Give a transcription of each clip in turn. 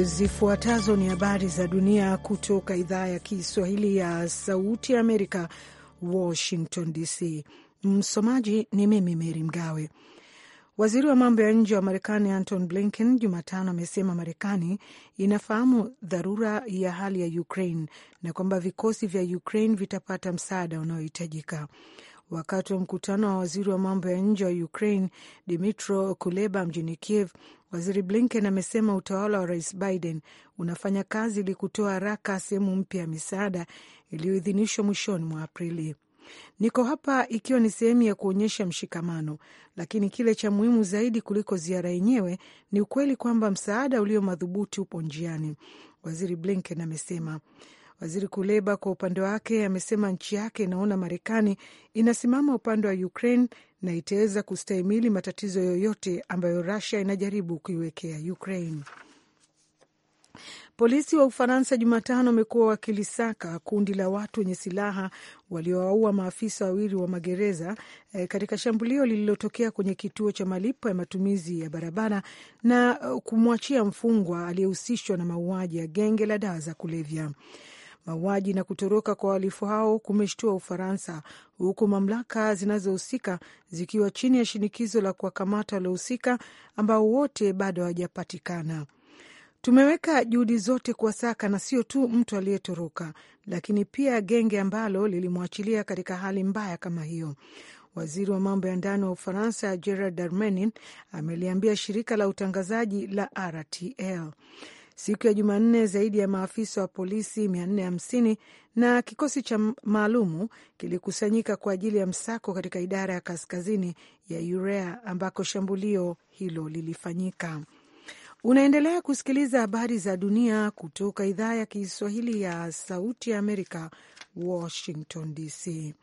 Zifuatazo ni habari za dunia kutoka idhaa ya Kiswahili ya Sauti ya Amerika, Washington DC. Msomaji ni mimi Meri Mgawe. Waziri wa mambo ya nje wa Marekani Anton Blinken Jumatano amesema Marekani inafahamu dharura ya hali ya Ukraine na kwamba vikosi vya Ukraine vitapata msaada unaohitajika. Wakati wa mkutano wa waziri wa mambo ya nje wa Ukraine Dmytro Kuleba mjini Kiev, Waziri Blinken amesema utawala wa Rais Biden unafanya kazi ili kutoa haraka sehemu mpya ya misaada iliyoidhinishwa mwishoni mwa Aprili. Niko hapa ikiwa ni sehemu ya kuonyesha mshikamano, lakini kile cha muhimu zaidi kuliko ziara yenyewe ni ukweli kwamba msaada ulio madhubuti upo njiani, Waziri Blinken amesema. Waziri Kuleba kwa upande wake amesema nchi yake inaona Marekani inasimama upande wa Ukraine na itaweza kustahimili matatizo yoyote ambayo Rusia inajaribu kuiwekea Ukraine. Polisi wa Ufaransa Jumatano wamekuwa wakilisaka kundi la watu wenye silaha waliowaua maafisa wawili wa magereza e, katika shambulio lililotokea kwenye kituo cha malipo ya matumizi ya barabara na eh, kumwachia mfungwa aliyehusishwa na mauaji ya genge la dawa za kulevya. Mauaji na kutoroka kwa wahalifu hao kumeshtua Ufaransa, huku mamlaka zinazohusika zikiwa chini ya shinikizo la kuwakamata waliohusika ambao wote bado hawajapatikana. Tumeweka juhudi zote kuwasaka na sio tu mtu aliyetoroka, lakini pia genge ambalo lilimwachilia katika hali mbaya kama hiyo. Waziri wa mambo ya ndani wa Ufaransa Gerard Darmanin ameliambia shirika la utangazaji la RTL Siku ya Jumanne, zaidi ya maafisa wa polisi 450 na kikosi cha maalumu kilikusanyika kwa ajili ya msako katika idara ya kaskazini ya Urea ambako shambulio hilo lilifanyika. Unaendelea kusikiliza habari za dunia kutoka idhaa ya Kiswahili ya Sauti ya Amerika, Washington DC.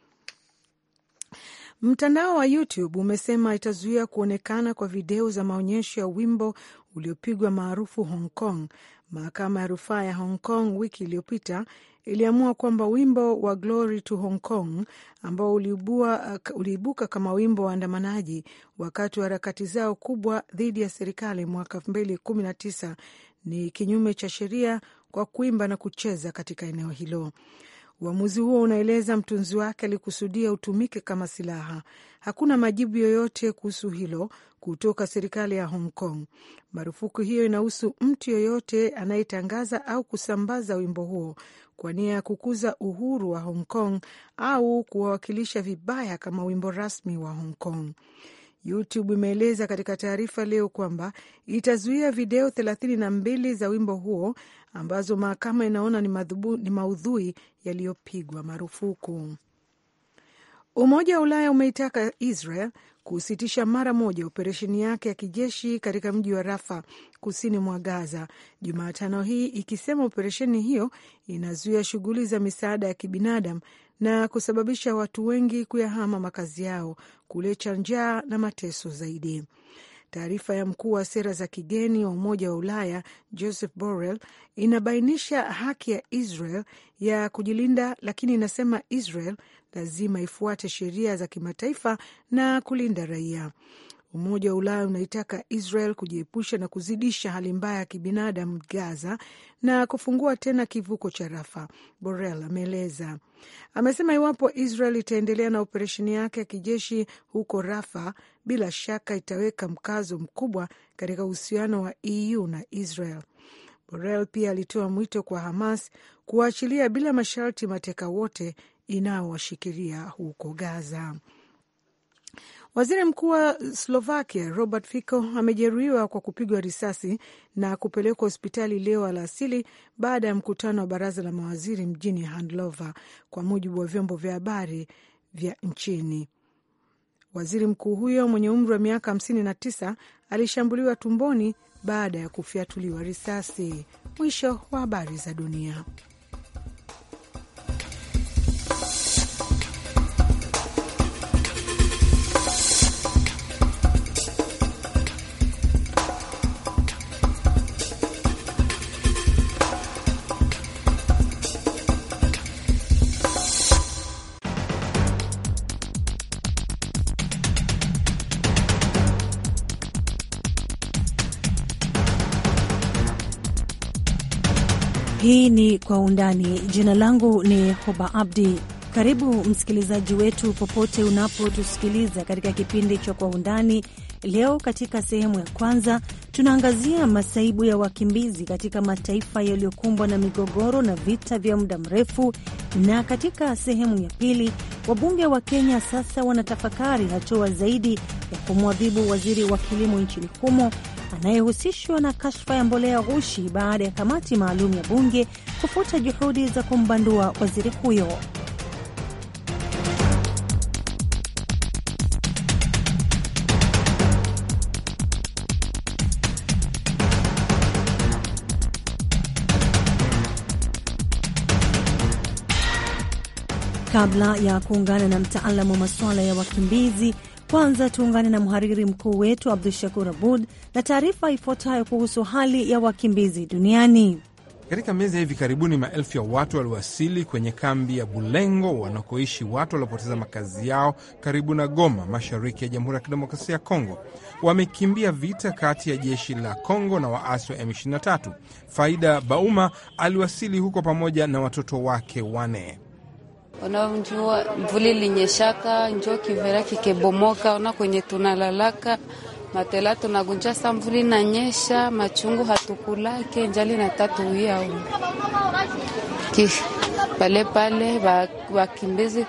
Mtandao wa YouTube umesema itazuia kuonekana kwa video za maonyesho ya wimbo uliopigwa maarufu Hong Kong, mahakama ya rufaa ya Hong Kong wiki iliyopita iliamua kwamba wimbo wa Glory to Hong Kong ambao uliibua, uh, uliibuka kama wimbo wa andamanaji wakati wa harakati zao kubwa dhidi ya serikali mwaka 2019 ni kinyume cha sheria kwa kuimba na kucheza katika eneo hilo. Uamuzi huo unaeleza mtunzi wake alikusudia utumike kama silaha. Hakuna majibu yoyote kuhusu hilo kutoka serikali ya Hong Kong. Marufuku hiyo inahusu mtu yoyote anayetangaza au kusambaza wimbo huo kwa nia ya kukuza uhuru wa Hong Kong au kuwawakilisha vibaya kama wimbo rasmi wa Hong Kong. YouTube imeeleza katika taarifa leo kwamba itazuia video thelathini na mbili za wimbo huo ambazo mahakama inaona ni, madhubu, ni maudhui yaliyopigwa marufuku. Umoja wa Ulaya umeitaka Israel kusitisha mara moja operesheni yake ya kijeshi katika mji wa Rafa kusini mwa Gaza Jumatano hii ikisema operesheni hiyo inazuia shughuli za misaada ya kibinadamu na kusababisha watu wengi kuyahama makazi yao, kuleta njaa na mateso zaidi. Taarifa ya mkuu wa sera za kigeni wa Umoja wa Ulaya Joseph Borrell inabainisha haki ya Israel ya kujilinda, lakini inasema Israel lazima ifuate sheria za kimataifa na kulinda raia. Umoja wa Ulaya unaitaka Israel kujiepusha na kuzidisha hali mbaya ya kibinadamu Gaza na kufungua tena kivuko cha Rafa, Borrell ameeleza. Amesema iwapo Israel itaendelea na operesheni yake ya kijeshi huko Rafa, bila shaka itaweka mkazo mkubwa katika uhusiano wa EU na Israel. Borrell pia alitoa mwito kwa Hamas kuwaachilia bila masharti mateka wote inaowashikilia huko Gaza. Waziri mkuu wa Slovakia Robert Fico amejeruhiwa kwa kupigwa risasi na kupelekwa hospitali leo alasili baada ya mkutano wa baraza la mawaziri mjini Handlova, kwa mujibu wa vyombo vya habari vya nchini. Waziri mkuu huyo mwenye umri wa miaka 59 alishambuliwa tumboni baada ya kufyatuliwa risasi. Mwisho wa habari za dunia. ni Kwa Undani. Jina langu ni Hoba Abdi. Karibu msikilizaji wetu popote unapotusikiliza katika kipindi cha Kwa Undani. Leo katika sehemu ya kwanza tunaangazia masaibu ya wakimbizi katika mataifa yaliyokumbwa na migogoro na vita vya muda mrefu, na katika sehemu ya pili wabunge wa Kenya sasa wanatafakari hatua zaidi ya kumwadhibu waziri wa kilimo nchini humo anayehusishwa na kashfa ya mbolea ghushi baada ya kamati maalum ya bunge kufuta juhudi za kumbandua waziri huyo. Kabla ya kuungana na mtaalamu wa masuala ya wakimbizi kwanza tuungane na mhariri mkuu wetu Abdu Shakur Abud na taarifa ifuatayo kuhusu hali ya wakimbizi duniani. Katika miezi ya hivi karibuni, maelfu ya watu waliwasili kwenye kambi ya Bulengo wanakoishi watu waliopoteza makazi yao karibu na Goma, mashariki ya Jamhuri ya Kidemokrasia ya Kongo. Wamekimbia vita kati ya jeshi la Kongo na waasi wa M23. Faida Bauma aliwasili huko pamoja na watoto wake wane unaomjua mvuli linyeshaka njo kivera kikebomoka, ona kwenye tunalalaka matela tunagunja sa mvuli nanyesha machungu hatukulake njali na tatu yao pale pale, wakimbizi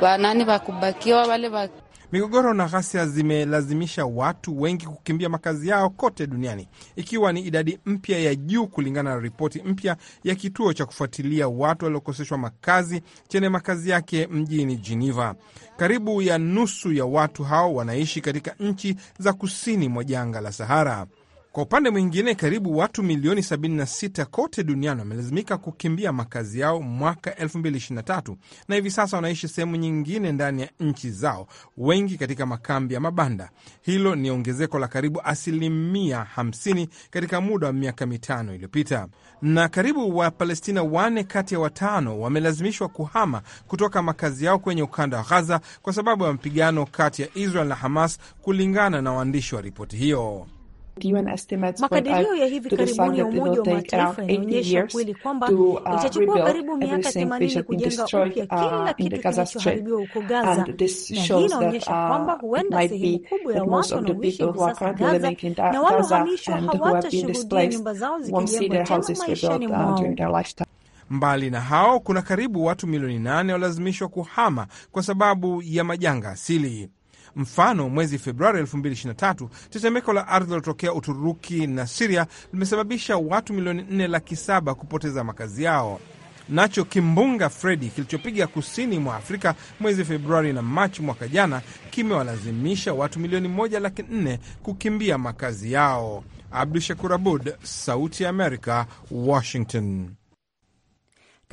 wanani wakubakiwa wale Migogoro na ghasia zimelazimisha watu wengi kukimbia makazi yao kote duniani, ikiwa ni idadi mpya ya juu kulingana na ripoti mpya ya kituo cha kufuatilia watu waliokoseshwa makazi chenye makazi yake mjini Geneva. Karibu ya nusu ya watu hao wanaishi katika nchi za kusini mwa jangwa la Sahara. Kwa upande mwingine, karibu watu milioni 76 kote duniani wamelazimika kukimbia makazi yao mwaka 2023 na hivi sasa wanaishi sehemu nyingine ndani ya nchi zao, wengi katika makambi ya mabanda. Hilo ni ongezeko la karibu asilimia 50 katika muda wa miaka mitano iliyopita. Na karibu Wapalestina wane kati ya watano wamelazimishwa kuhama kutoka makazi yao kwenye ukanda wa Ghaza kwa sababu ya mapigano kati ya Israel na Hamas, kulingana na waandishi wa ripoti hiyo makadirio ya hivi karibuni ya Umoja wa Mataifa yanaonyesha kweli kwamba uh, itachukua karibu miaka themanini kujenga upya kila uh, kitu kilichoharibiwa huko Gaza, na hii inaonyesha kwamba huenda sehemu kubwa ya watu wanaoishi huko sasa Gaza na waliohamishwa hawatashuhudia nyumba zao zikijengwa tena maishani uh, mwao. Mbali na hao, kuna karibu watu milioni nane walazimishwa kuhama kwa sababu ya majanga asili. Mfano, mwezi Februari 2023 tetemeko la ardhi lilotokea Uturuki na Siria limesababisha watu milioni 4 laki 7 kupoteza makazi yao. Nacho kimbunga Fredi kilichopiga kusini mwa Afrika mwezi Februari na Machi mwaka jana kimewalazimisha watu milioni moja laki nne kukimbia makazi yao. Abdu Shakur Abud, Sauti ya Amerika, Washington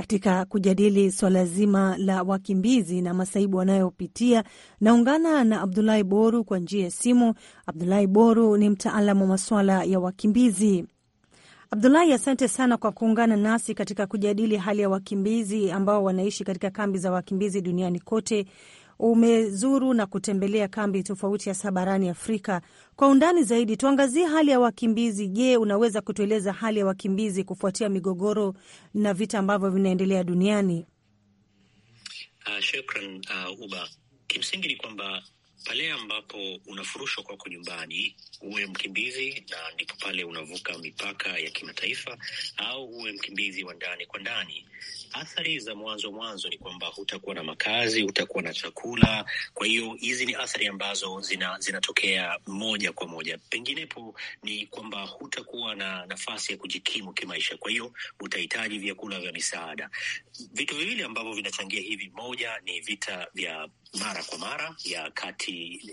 katika kujadili swala zima la wakimbizi na masaibu wanayopitia. Naungana na Abdulahi Boru kwa njia ya simu. Abdulahi Boru ni mtaalamu wa masuala ya wakimbizi. Abdulahi, asante sana kwa kuungana nasi katika kujadili hali ya wakimbizi ambao wanaishi katika kambi za wakimbizi duniani kote umezuru na kutembelea kambi tofauti ya saa barani Afrika. Kwa undani zaidi, tuangazie hali ya wakimbizi. Je, unaweza kutueleza hali ya wakimbizi kufuatia migogoro na vita ambavyo vinaendelea duniani? Uh, shukran uh, uba. Kimsingi ni kwamba pale ambapo unafurushwa kwako nyumbani uwe mkimbizi na ndipo pale unavuka mipaka ya kimataifa, au uwe mkimbizi wa ndani kwa ndani. Athari za mwanzo mwanzo ni kwamba hutakuwa na makazi, hutakuwa na chakula. Kwa hiyo hizi ni athari ambazo zina, zinatokea moja kwa moja. Penginepo ni kwamba hutakuwa na nafasi ya kujikimu kimaisha, kwa hiyo utahitaji vyakula vya misaada. Vitu viwili ambavyo vinachangia hivi, moja ni vita vya mara kwa mara ya kati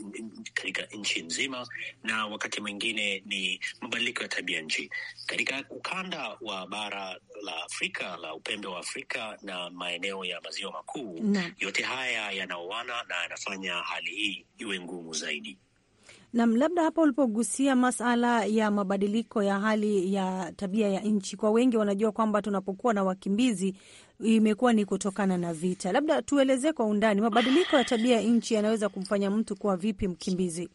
katika nchi nzima na wakati mwingine ni mabadiliko ya tabia nchi. Katika ukanda wa bara la Afrika la upembe wa Afrika na maeneo ya maziwa makuu yote haya yanaoana na yanafanya hali hii iwe ngumu zaidi. Nam, labda hapa ulipogusia masala ya mabadiliko ya hali ya tabia ya nchi, kwa wengi wanajua kwamba tunapokuwa na wakimbizi imekuwa ni kutokana na vita. Labda tuelezee kwa undani mabadiliko ya tabia ya nchi yanaweza kumfanya mtu kuwa vipi mkimbizi?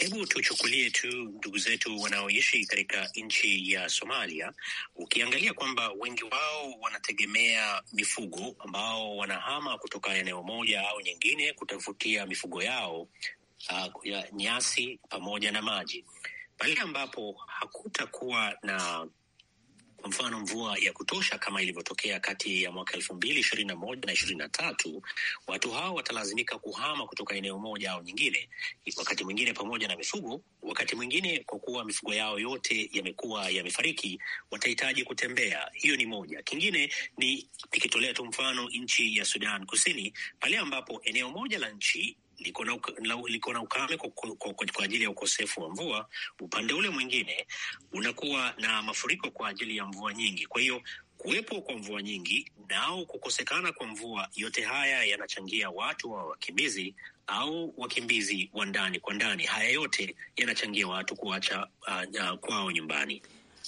Hebu tuchukulie tu ndugu zetu wanaoishi katika nchi ya Somalia, ukiangalia kwamba wengi wao wanategemea mifugo, ambao wanahama kutoka eneo moja au nyingine kutafutia mifugo yao uh, ya nyasi pamoja na maji. Pale ambapo hakutakuwa na Mfano, mvua ya kutosha kama ilivyotokea kati ya mwaka elfu mbili ishirini na moja na ishirini na tatu, watu hao watalazimika kuhama kutoka eneo moja au nyingine, wakati mwingine pamoja na mifugo, wakati mwingine kwa kuwa mifugo yao yote yamekuwa yamefariki, watahitaji kutembea. Hiyo ni moja. Kingine ni nikitolea tu mfano nchi ya Sudan Kusini, pale ambapo eneo moja la nchi liko na, liko na ukame kwa, kwa, kwa, kwa ajili ya ukosefu wa mvua. Upande ule mwingine unakuwa na mafuriko kwa ajili ya mvua nyingi. Kwa hiyo kuwepo kwa mvua nyingi nao kukosekana kwa mvua, yote haya yanachangia watu wa wakimbizi au wakimbizi wa ndani kwa ndani. Haya yote yanachangia watu kuacha uh, uh, kwao nyumbani.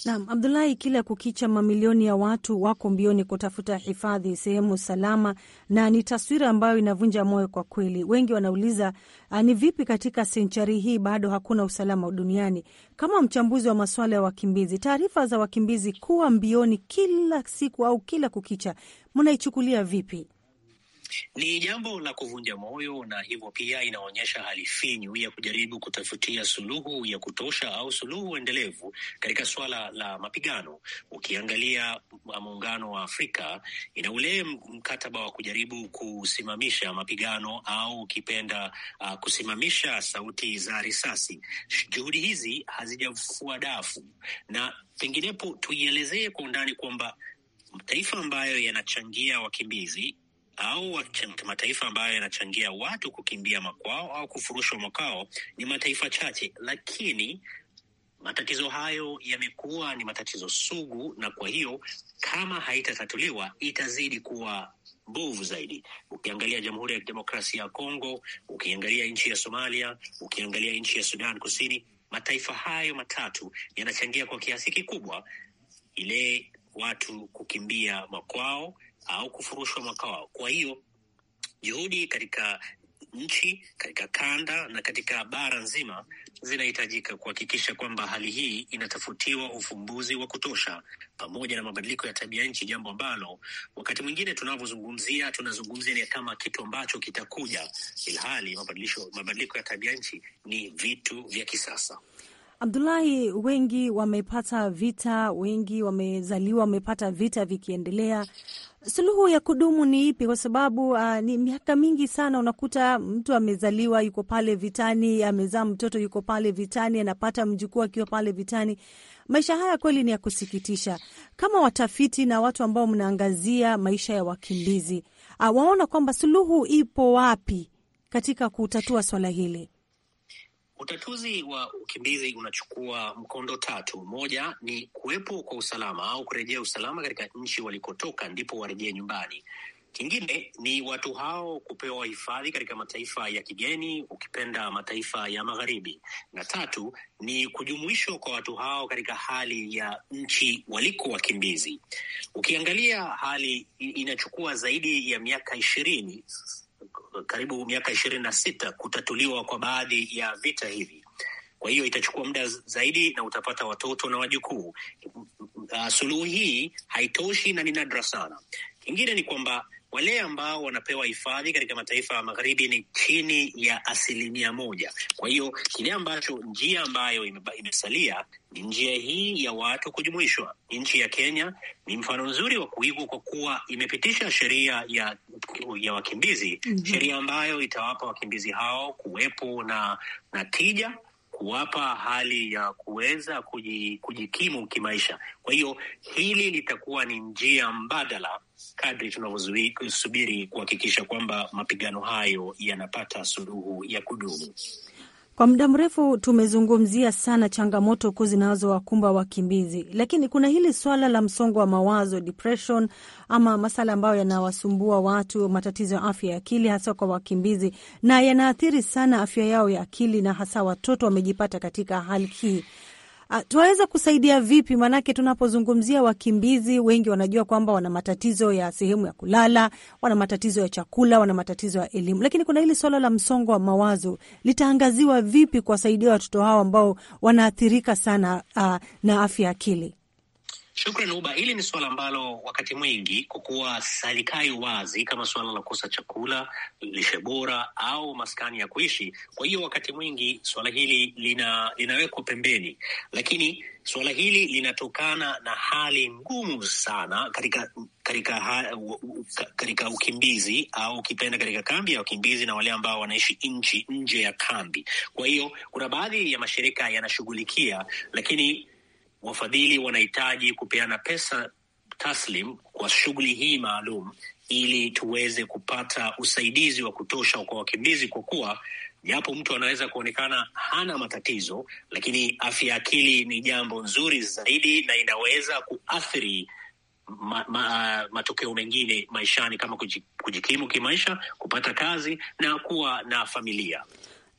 Naam, Abdulahi, kila kukicha mamilioni ya watu wako mbioni kutafuta hifadhi sehemu salama, na ni taswira ambayo inavunja moyo kwa kweli. Wengi wanauliza ah, ni vipi katika senchari hii bado hakuna usalama duniani. Kama mchambuzi wa masuala ya wakimbizi, taarifa za wakimbizi kuwa mbioni kila siku au kila kukicha, mnaichukulia vipi? Ni jambo la kuvunja moyo, na hivyo pia inaonyesha hali finyu ya kujaribu kutafutia suluhu ya kutosha au suluhu endelevu katika suala la mapigano. Ukiangalia Muungano wa Afrika ina ule mkataba wa kujaribu kusimamisha mapigano au ukipenda uh, kusimamisha sauti za risasi. Juhudi hizi hazijafua dafu, na penginepo tuielezee kwa undani kwamba mataifa ambayo yanachangia wakimbizi au mataifa ambayo yanachangia watu kukimbia makwao au kufurushwa makwao ni mataifa chache, lakini matatizo hayo yamekuwa ni matatizo sugu, na kwa hiyo kama haitatatuliwa itazidi kuwa mbovu zaidi. Ukiangalia Jamhuri ya Kidemokrasia ya Kongo, ukiangalia nchi ya Somalia, ukiangalia nchi ya Sudan Kusini, mataifa hayo matatu yanachangia kwa kiasi kikubwa ile watu kukimbia makwao au kufurushwa wao Kwa hiyo juhudi katika nchi katika kanda na katika bara nzima zinahitajika kuhakikisha kwamba hali hii inatafutiwa ufumbuzi wa kutosha, pamoja na mabadiliko ya tabia nchi, jambo ambalo wakati mwingine tunavyozungumzia tunazungumzia ni kama kitu ambacho kitakuja, ilhali mabadiliko ya tabia nchi ni vitu vya kisasa. Abdulahi, wengi wamepata vita, wengi wamezaliwa wamepata vita vikiendelea. Suluhu ya kudumu ni ipi? Kwa sababu uh, ni miaka mingi sana, unakuta mtu amezaliwa yuko pale vitani, amezaa mtoto yuko pale vitani, anapata mjukuu akiwa pale vitani. Maisha haya kweli ni ya kusikitisha. Kama watafiti na watu ambao mnaangazia maisha ya wakimbizi uh, waona kwamba suluhu ipo wapi katika kutatua swala hili? Utatuzi wa ukimbizi unachukua mkondo tatu. Moja ni kuwepo kwa usalama au kurejea usalama katika nchi walikotoka, ndipo warejee nyumbani. Kingine ni watu hao kupewa hifadhi katika mataifa ya kigeni, ukipenda mataifa ya magharibi, na tatu ni kujumuishwa kwa watu hao katika hali ya nchi waliko wakimbizi. Ukiangalia hali inachukua zaidi ya miaka ishirini karibu miaka ishirini na sita kutatuliwa kwa baadhi ya vita hivi. Kwa hiyo itachukua muda zaidi na utapata watoto na wajukuu. Uh, suluhu hii haitoshi na ni nadra sana. Kingine ni kwamba wale ambao wanapewa hifadhi katika mataifa ya magharibi ni chini ya asilimia moja. Kwa hiyo kile ambacho njia ambayo imesalia ni njia hii ya watu kujumuishwa. Nchi ya Kenya ni mfano mzuri wa kuigwa kwa kuwa imepitisha sheria ya, ya wakimbizi mm -hmm. sheria ambayo itawapa wakimbizi hao kuwepo na, na tija kuwapa hali ya kuweza kujikimu kimaisha. Kwa hiyo hili litakuwa ni njia mbadala kadri tunavyosubiri kuhakikisha kwamba mapigano hayo yanapata suluhu ya kudumu. Kwa muda mrefu tumezungumzia sana changamoto kuu zinazowakumba wakimbizi, lakini kuna hili swala la msongo wa mawazo depression, ama masala ambayo yanawasumbua watu, matatizo ya afya ya akili, hasa kwa wakimbizi, na yanaathiri sana afya yao ya akili, na hasa watoto wamejipata katika hali hii. Ah, tunaweza kusaidia vipi? Maanake tunapozungumzia wakimbizi wengi wanajua kwamba wana matatizo ya sehemu ya kulala, wana matatizo ya chakula, wana matatizo ya elimu, lakini kuna hili swala la msongo wa mawazo, litaangaziwa vipi kuwasaidia watoto hao ambao wanaathirika sana uh, na afya akili? Shukran Uba, hili ni suala ambalo wakati mwingi kwa kuwa salikai wazi kama suala la kukosa chakula, lishe bora au maskani ya kuishi. Kwa hiyo wakati mwingi suala hili lina, linawekwa pembeni, lakini suala hili linatokana na hali ngumu sana katika katika katika ukimbizi au ukipenda katika kambi ya wakimbizi na wale ambao wanaishi nchi nje ya kambi. Kwa hiyo kuna baadhi ya mashirika yanashughulikia, lakini wafadhili wanahitaji kupeana pesa taslim kwa shughuli hii maalum ili tuweze kupata usaidizi wa kutosha kwa wakimbizi, kwa kuwa japo mtu anaweza kuonekana hana matatizo, lakini afya ya akili ni jambo nzuri zaidi na inaweza kuathiri ma, ma, matokeo mengine maishani kama kujikimu kimaisha, kupata kazi na kuwa na familia.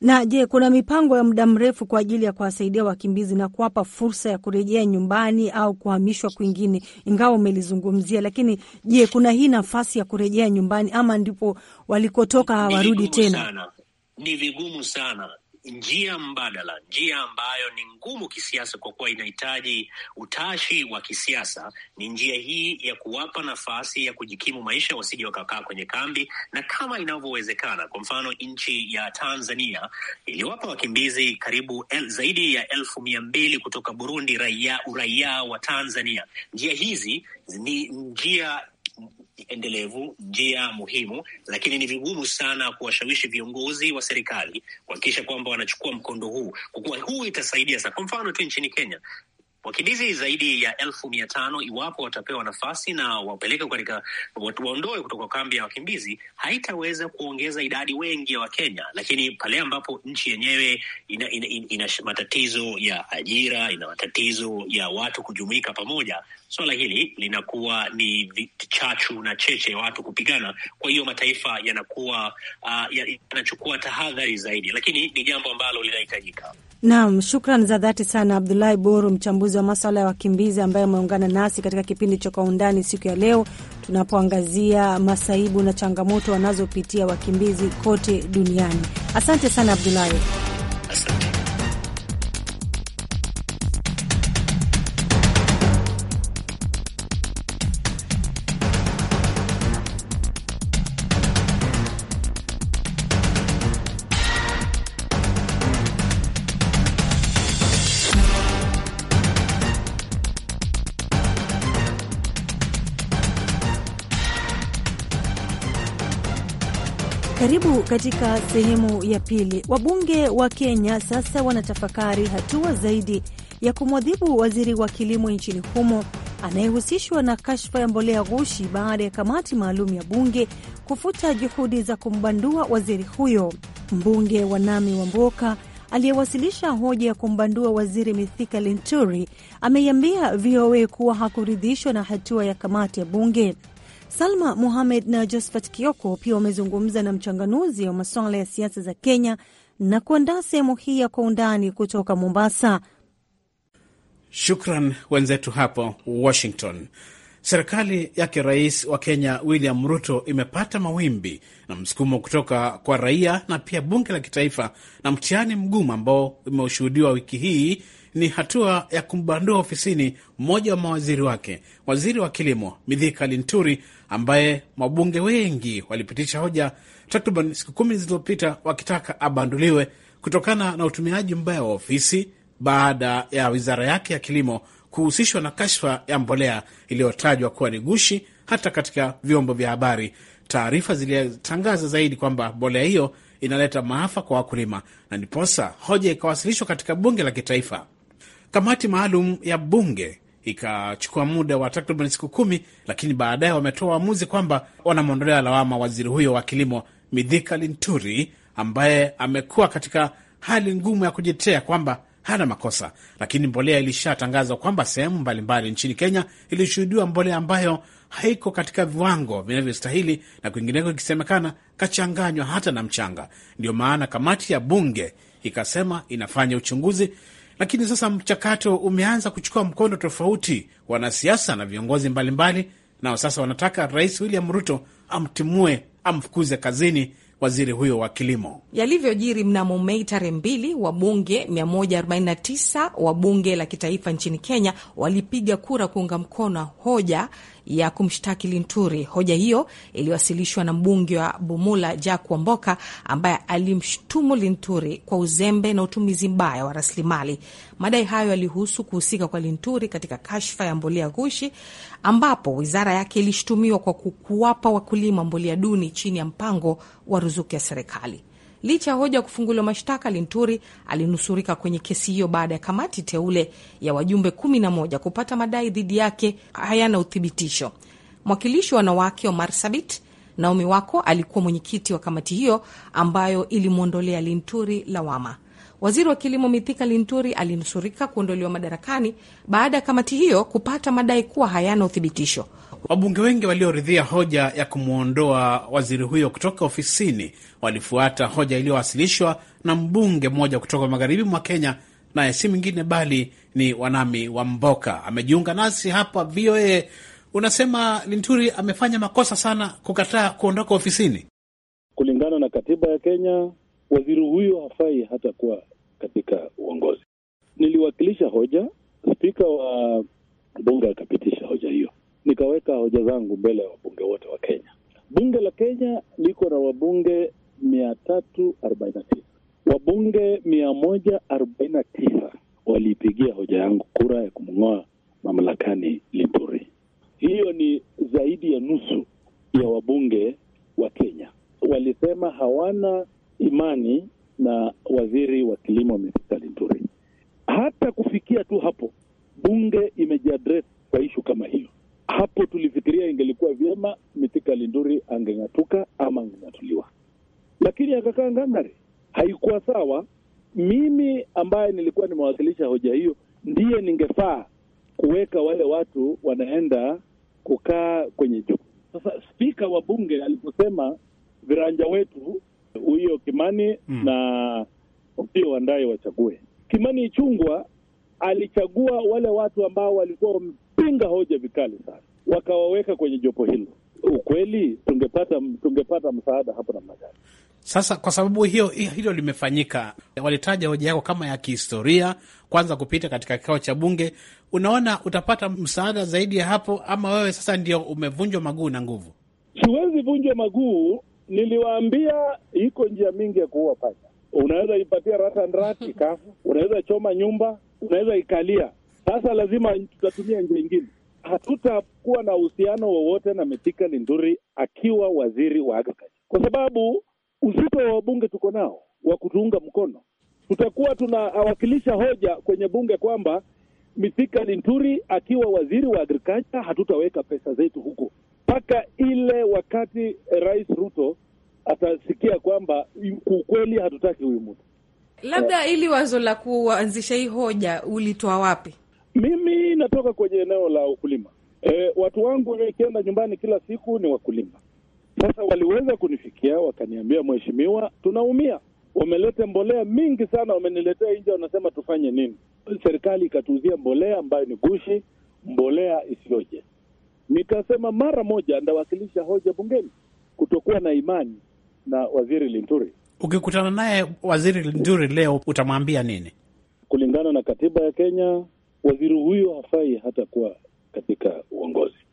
Na je, kuna mipango ya muda mrefu kwa ajili ya kuwasaidia wakimbizi na kuwapa fursa ya kurejea nyumbani au kuhamishwa kwingine? Ingawa umelizungumzia, lakini je, kuna hii nafasi ya kurejea nyumbani ama ndipo walikotoka hawarudi tena? Ni vigumu sana njia mbadala, njia ambayo ni ngumu kisiasa kwa kuwa inahitaji utashi wa kisiasa, ni njia hii ya kuwapa nafasi ya kujikimu maisha, wasije wakakaa kwenye kambi, na kama inavyowezekana. Kwa mfano, nchi ya Tanzania iliwapa wakimbizi karibu el, zaidi ya elfu mia mbili kutoka Burundi raia uraia wa Tanzania. Njia hizi ni njia endelevu njia muhimu, lakini ni vigumu sana kuwashawishi viongozi wa serikali kuhakikisha kwamba wanachukua mkondo huu, kwa kuwa huu itasaidia sana. Kwa mfano tu nchini Kenya wakimbizi zaidi ya elfu mia tano iwapo watapewa nafasi na wapeleke katika waondoe kutoka kambi ya wakimbizi, haitaweza kuongeza idadi wengi ya Wakenya, lakini pale ambapo nchi yenyewe ina, ina, ina, ina matatizo ya ajira, ina matatizo ya watu kujumuika pamoja, swala hili linakuwa ni chachu na cheche ya watu kupigana. Kwa hiyo mataifa yanakuwa uh, yanachukua tahadhari zaidi, lakini ni jambo ambalo linahitajika. Naam, shukran za dhati sana Abdulahi Boru, mchambuzi wa maswala ya wakimbizi ambaye ameungana nasi katika kipindi cha Kwa Undani siku ya leo, tunapoangazia masaibu na changamoto wanazopitia wakimbizi kote duniani. Asante sana Abdulahi, asante. Karibu katika sehemu ya pili. Wabunge wa Kenya sasa wanatafakari hatua zaidi ya kumwadhibu waziri wa kilimo nchini humo anayehusishwa na kashfa ya mbolea ghushi baada ya kamati maalum ya bunge kufuta juhudi za kumbandua waziri huyo. Mbunge wa Nami Wamboka aliyewasilisha hoja ya kumbandua waziri Mithika Linturi ameiambia VOA kuwa hakuridhishwa na hatua ya kamati ya bunge. Salma Muhamed na Josphat Kioko pia wamezungumza na mchanganuzi wa masuala ya siasa za Kenya na kuandaa sehemu hii ya kwa undani kutoka Mombasa. Shukran wenzetu hapo Washington. Serikali yake rais wa Kenya William Ruto imepata mawimbi na msukumo kutoka kwa raia na pia bunge la kitaifa na mtihani mgumu ambao umeushuhudiwa wiki hii ni hatua ya kumbandua ofisini mmoja wa mawaziri wake, waziri wa kilimo Midhika Linturi, ambaye wabunge wengi walipitisha hoja takriban siku kumi zilizopita wakitaka abanduliwe kutokana na utumiaji mbaya wa ofisi baada ya wizara yake ya kilimo kuhusishwa na kashfa ya mbolea iliyotajwa kuwa ni gushi. Hata katika vyombo vya habari taarifa zilitangaza zaidi kwamba mbolea hiyo inaleta maafa kwa wakulima, na ndiposa hoja ikawasilishwa katika bunge la kitaifa Kamati maalum ya bunge ikachukua muda wa takriban siku kumi, lakini baadaye wametoa uamuzi kwamba wanamwondolea lawama waziri huyo wa kilimo Midhika Linturi ambaye amekuwa katika hali ngumu ya kujitetea kwamba hana makosa, lakini mbolea ilishatangazwa kwamba sehemu mbalimbali nchini Kenya ilishuhudiwa mbolea ambayo haiko katika viwango vinavyostahili na kwingineko ikisemekana kachanganywa hata na mchanga. Ndio maana kamati ya bunge ikasema inafanya uchunguzi lakini sasa mchakato umeanza kuchukua mkondo tofauti. Wanasiasa na viongozi mbalimbali nao sasa wanataka Rais William Ruto amtimue, amfukuze kazini waziri huyo wa kilimo. Yalivyojiri mnamo Mei tarehe mbili, wabunge 149 wa bunge la kitaifa nchini Kenya walipiga kura kuunga mkono hoja ya kumshtaki Linturi. Hoja hiyo iliwasilishwa na mbunge wa Bumula Jack Wamboka ambaye alimshtumu Linturi kwa uzembe na utumizi mbaya wa rasilimali. Madai hayo yalihusu kuhusika kwa Linturi katika kashfa ya mbolea gushi ambapo wizara yake ilishutumiwa kwa kuwapa wakulima mbolea duni chini ya mpango wa ruzuku ya serikali. Licha ya hoja ya kufunguliwa mashtaka, Linturi alinusurika kwenye kesi hiyo baada ya kamati teule ya wajumbe kumi na moja kupata madai dhidi yake hayana uthibitisho. Mwakilishi wa wanawake Omar Sabit Naomi Wako alikuwa mwenyekiti wa kamati hiyo ambayo ilimwondolea Linturi lawama. Waziri wa kilimo Mithika Linturi alinusurika kuondolewa madarakani baada ya kamati hiyo kupata madai kuwa hayana uthibitisho. Wabunge wengi walioridhia hoja ya kumwondoa waziri huyo kutoka ofisini walifuata hoja iliyowasilishwa na mbunge mmoja kutoka magharibi mwa Kenya, naye si mwingine bali ni Wanami wa Mboka. Amejiunga nasi hapa VOA. Unasema Linturi amefanya makosa sana kukataa kuondoka ofisini. Kulingana na katiba ya Kenya, waziri huyo hafai hata kuwa katika uongozi. Niliwakilisha hoja, spika wa bunge akapitisha hoja hiyo nikaweka hoja zangu mbele ya wabunge wote wa Kenya. Bunge la Kenya liko na wabunge mia tatu arobaini na tisa wabunge mia moja arobaini na tisa waliipigia hoja yangu kura ya kumng'oa mamlakani Linturi. Hiyo ni zaidi ya nusu ya wabunge wa Kenya. Walisema hawana imani na waziri wa kilimo Mithika Linturi. Hata kufikia tu hapo, bunge imejiadres kwa ishu kama hiyo. Hapo tulifikiria ingelikuwa vyema Mitika Linduri angeng'atuka ama angeng'atuliwa, lakini akakaa ngangari. Haikuwa sawa. Mimi ambaye nilikuwa nimewakilisha hoja hiyo, ndiye ningefaa kuweka wale watu wanaenda kukaa kwenye juu. Sasa spika wa bunge aliposema viranja wetu huyo Kimani hmm, na Opiyo Wandayi wachague Kimani Ichung'wah alichagua wale watu ambao walikuwa wakapinga hoja vikali sana, wakawaweka kwenye jopo hilo, ukweli tungepata tungepata msaada hapo namna gani? Sasa kwa sababu hiyo hilo limefanyika, walitaja hoja yako kama ya kihistoria, kwanza kupita katika kikao cha bunge. Unaona utapata msaada zaidi ya hapo, ama wewe sasa ndio umevunjwa maguu na nguvu? Siwezi vunjwa maguu, niliwaambia iko njia mingi ya kuua panya. Unaweza ipatia ratandrati kafu, unaweza choma nyumba, unaweza ikalia sasa lazima tutatumia njia ingine. Hatutakuwa na uhusiano wowote na Mithika Linturi akiwa waziri wa agriculture, kwa sababu uzito wa wabunge tuko nao wa kutuunga mkono. Tutakuwa tunawakilisha hoja kwenye bunge kwamba Mithika Linturi akiwa waziri wa agriculture, hatutaweka pesa zetu huko mpaka ile wakati Rais Ruto atasikia kwamba kuukweli hatutaki huyu mtu. Labda ili wazo la kuanzisha hii hoja ulitoa wapi? Mimi natoka kwenye eneo la ukulima. E, watu wangu wanaokienda nyumbani kila siku ni wakulima. Sasa waliweza kunifikia wakaniambia, mheshimiwa, tunaumia, wameleta mbolea mingi sana, wameniletea nje, wanasema tufanye nini? Serikali ikatuuzia mbolea ambayo ni gushi, mbolea isiyoje. Nikasema mara moja ndawakilisha hoja bungeni, kutokuwa na imani na waziri Linturi. Ukikutana naye waziri Linturi leo utamwambia nini? Kulingana na katiba ya Kenya waziri huyo hafai hata kuwa katika uongozi.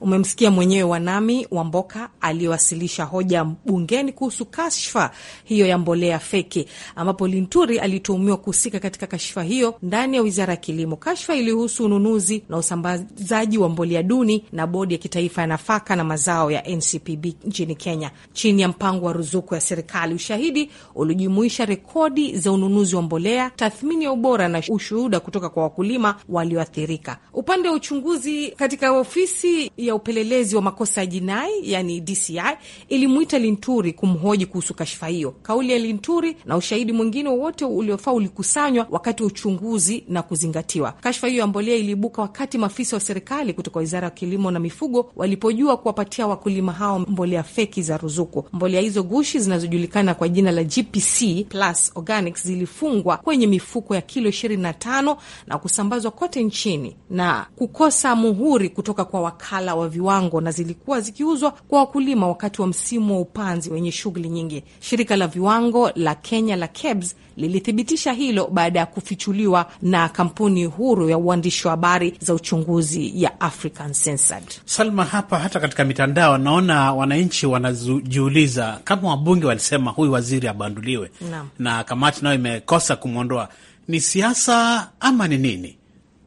Umemsikia mwenyewe Wanami wa mboka aliyewasilisha hoja bungeni kuhusu kashfa hiyo ya mbolea feki, ambapo Linturi alituhumiwa kuhusika katika kashfa hiyo ndani ya wizara ya kilimo. Kashfa ilihusu ununuzi na usambazaji wa mbolea duni na bodi ya kitaifa ya nafaka na mazao ya NCPB nchini Kenya chini ya mpango wa ruzuku ya serikali. Ushahidi ulijumuisha rekodi za ununuzi wa mbolea, tathmini ya ubora na ushuhuda kutoka kwa wakulima walioathirika. Upande wa uchunguzi katika ofisi ya upelelezi wa makosa ya jinai yani DCI ilimwita Linturi kumhoji kuhusu kashfa hiyo. Kauli ya Linturi na ushahidi mwingine wowote uliofaa ulikusanywa wakati wa uchunguzi na kuzingatiwa. Kashfa hiyo ya mbolea iliibuka wakati maafisa wa serikali kutoka wizara ya kilimo na mifugo walipojua kuwapatia wakulima hao mbolea feki za ruzuku. Mbolea hizo gushi zinazojulikana kwa jina la GPC plus organics zilifungwa kwenye mifuko ya kilo 25 na kusambazwa kote nchini na kukosa muhuri kutoka kwa wakala wa viwango na zilikuwa zikiuzwa kwa wakulima wakati wa msimu wa upanzi wenye shughuli nyingi. Shirika la viwango la Kenya la KEBS lilithibitisha hilo baada ya kufichuliwa na kampuni huru ya uandishi wa habari za uchunguzi ya African Censored. Salma, hapa hata katika mitandao naona wananchi wanajiuliza kama wabunge walisema huyu waziri abanduliwe na, na kamati nayo imekosa kumwondoa, ni siasa ama ni nini?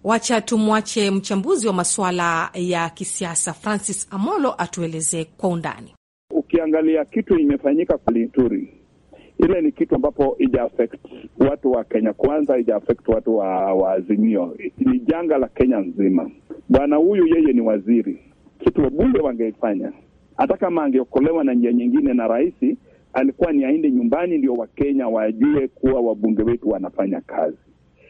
Wacha tumwache mchambuzi wa masuala ya kisiasa Francis Amolo atueleze kwa undani. Ukiangalia kitu imefanyika kule ile ni kitu ambapo ija affect watu wa Kenya kwanza, ija affect watu wa, wa Azimio. Ni janga la Kenya nzima. Bwana huyu yeye ni waziri, kitu wabunge wangeifanya hata kama angeokolewa na njia nyingine na rahisi alikuwa ni aende nyumbani ndio Wakenya wajue kuwa wabunge wetu wanafanya kazi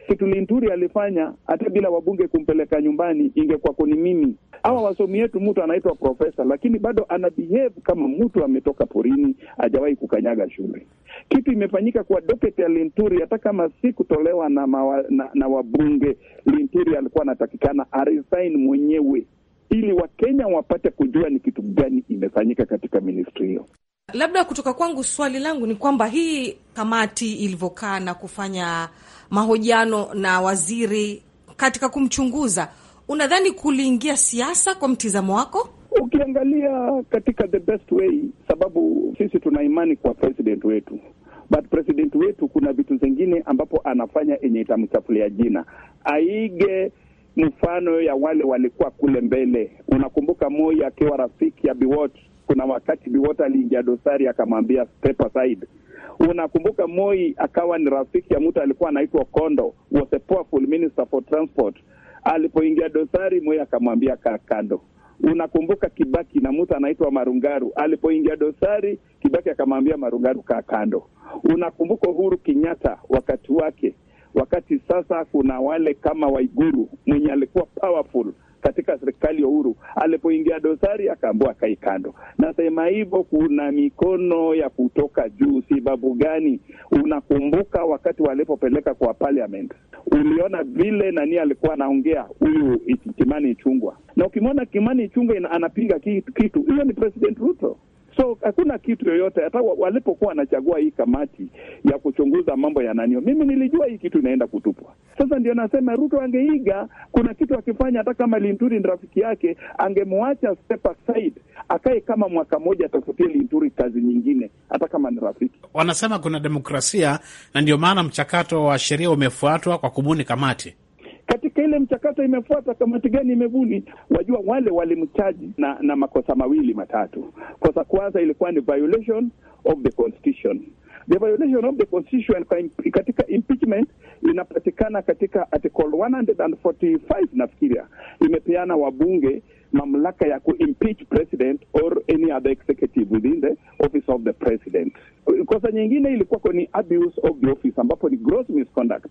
kitu Linturi alifanya hata bila wabunge kumpeleka nyumbani, ingekuwa ni mimi. Hawa wasomi wetu, mtu anaitwa profesa, lakini bado ana behave kama mtu ametoka porini, hajawahi kukanyaga shule. Kitu imefanyika kwa doketi ya Linturi, hata kama si kutolewa na, mawa, na, na wabunge, Linturi alikuwa anatakikana aresign mwenyewe ili Wakenya wapate kujua ni kitu gani imefanyika katika ministri hiyo. Labda kutoka kwangu, swali langu ni kwamba hii kamati ilivyokaa na kufanya mahojiano na waziri katika kumchunguza, unadhani kuliingia siasa kwa mtizamo wako? Ukiangalia katika the best way, sababu sisi tuna imani kwa president wetu, but president wetu kuna vitu zingine ambapo anafanya yenye itamchafulia jina, aige mfano ya wale walikuwa kule mbele. Unakumbuka Moi akiwa rafiki ya Biwott kuna wakati Biwota aliingia dosari akamwambia step aside. Unakumbuka Moi akawa ni rafiki ya mtu alikuwa anaitwa Kondo, was a powerful minister for transport. Alipoingia dosari, Moi akamwambia kaa kando. Unakumbuka Kibaki na mtu anaitwa Marungaru, alipoingia dosari, Kibaki akamwambia Marungaru kaa kando. Unakumbuka Uhuru Kenyatta wakati wake, wakati sasa kuna wale kama Waiguru mwenye alikuwa powerful katika serikali ya Uhuru. Alipoingia dosari, akaambua kai kando. Nasema hivyo, kuna mikono ya kutoka juu. Sababu gani? Unakumbuka wakati walipopeleka kwa parliament, uliona vile nani alikuwa anaongea huyu Kimani Ichungwa, na ukimwona Kimani Ichungwa anapinga kitu, hiyo ni President Ruto. So hakuna kitu yoyote, hata walipokuwa wanachagua hii kamati ya kuchunguza mambo ya nanio, mimi nilijua hii kitu inaenda kutupwa. Sasa ndio nasema Ruto angeiga, kuna kitu akifanya, hata kama Linturi ni rafiki yake, angemwacha step aside, akae kama mwaka mmoja, atafutie Linturi kazi nyingine, hata kama ni rafiki. Wanasema kuna demokrasia, na ndio maana mchakato wa sheria umefuatwa kwa kubuni kamati katika ile mchakato imefuata kamati gani imebuni, wajua wale walimchaji na, na makosa mawili matatu. Kosa kwanza ilikuwa ni violation of the constitution. The violation of the constitution katika impeachment inapatikana katika article 145 nafikiria, imepeana wabunge mamlaka ya ku impeach president or any other executive within the office of the president. Kosa nyingine ilikuwa ni abuse of the office, ambapo ni gross misconduct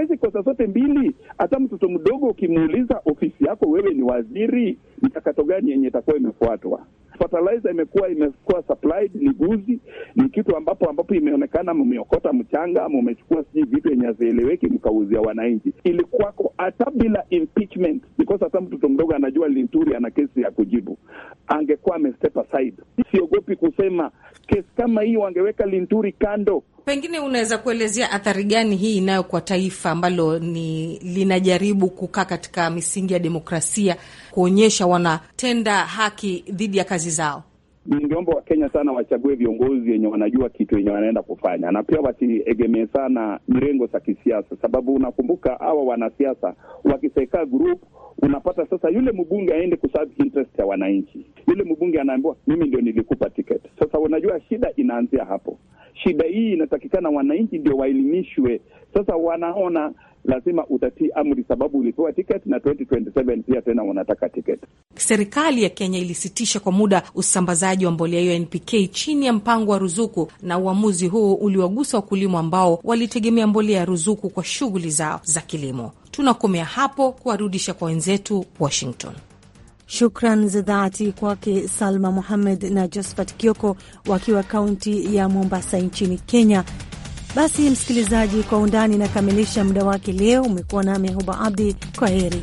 Hizi kosa zote mbili, hata mtoto mdogo ukimuuliza ofisi yako wewe ni waziri, mchakato gani yenye itakuwa imefuatwa? Fertilizer imekuwa imekuwa supplied ni guzi, ni kitu ambapo ambapo imeonekana mmeokota mchanga, mumechukua sijui vitu yenye hazieleweki, mkauzia wananchi. Ilikuwako hata bila impeachment, because hata mtoto mdogo anajua Linturi ana kesi ya kujibu, angekuwa amestep aside. Siogopi kusema kesi kama hii wangeweka Linturi kando. Pengine unaweza kuelezea athari gani hii inayo kwa taifa ambalo ni linajaribu kukaa katika misingi ya demokrasia, kuonyesha wanatenda haki dhidi ya kazi zao? ningeomba Wakenya sana wachague viongozi wenye wanajua kitu yenye wanaenda kufanya, na pia wasiegemee sana mirengo za kisiasa, sababu unakumbuka hawa wanasiasa wakisekaa group, unapata sasa yule mbunge aende kuserve interest ya wananchi, yule mbunge anaambiwa mimi ndio nilikupa ticket. Sasa unajua shida inaanzia hapo. Shida hii inatakikana wananchi ndio waelimishwe. Sasa wanaona lazima utatii amri, sababu ulipewa tiket na 2027 pia tena wanataka tiketi. Serikali ya Kenya ilisitisha kwa muda usambazaji wa mbolea hiyo NPK chini ya mpango wa ruzuku, na uamuzi huu uliwagusa wakulima ambao walitegemea mbolea ya ruzuku kwa shughuli zao za kilimo. Tunakomea hapo kuwarudisha kwa wenzetu Washington. Shukran za dhati kwake Salma Muhammed na Josphat Kioko wakiwa kaunti ya Mombasa nchini Kenya. Basi msikilizaji, kwa undani inakamilisha muda wake leo. Umekuwa nami Huba Abdi, kwa heri.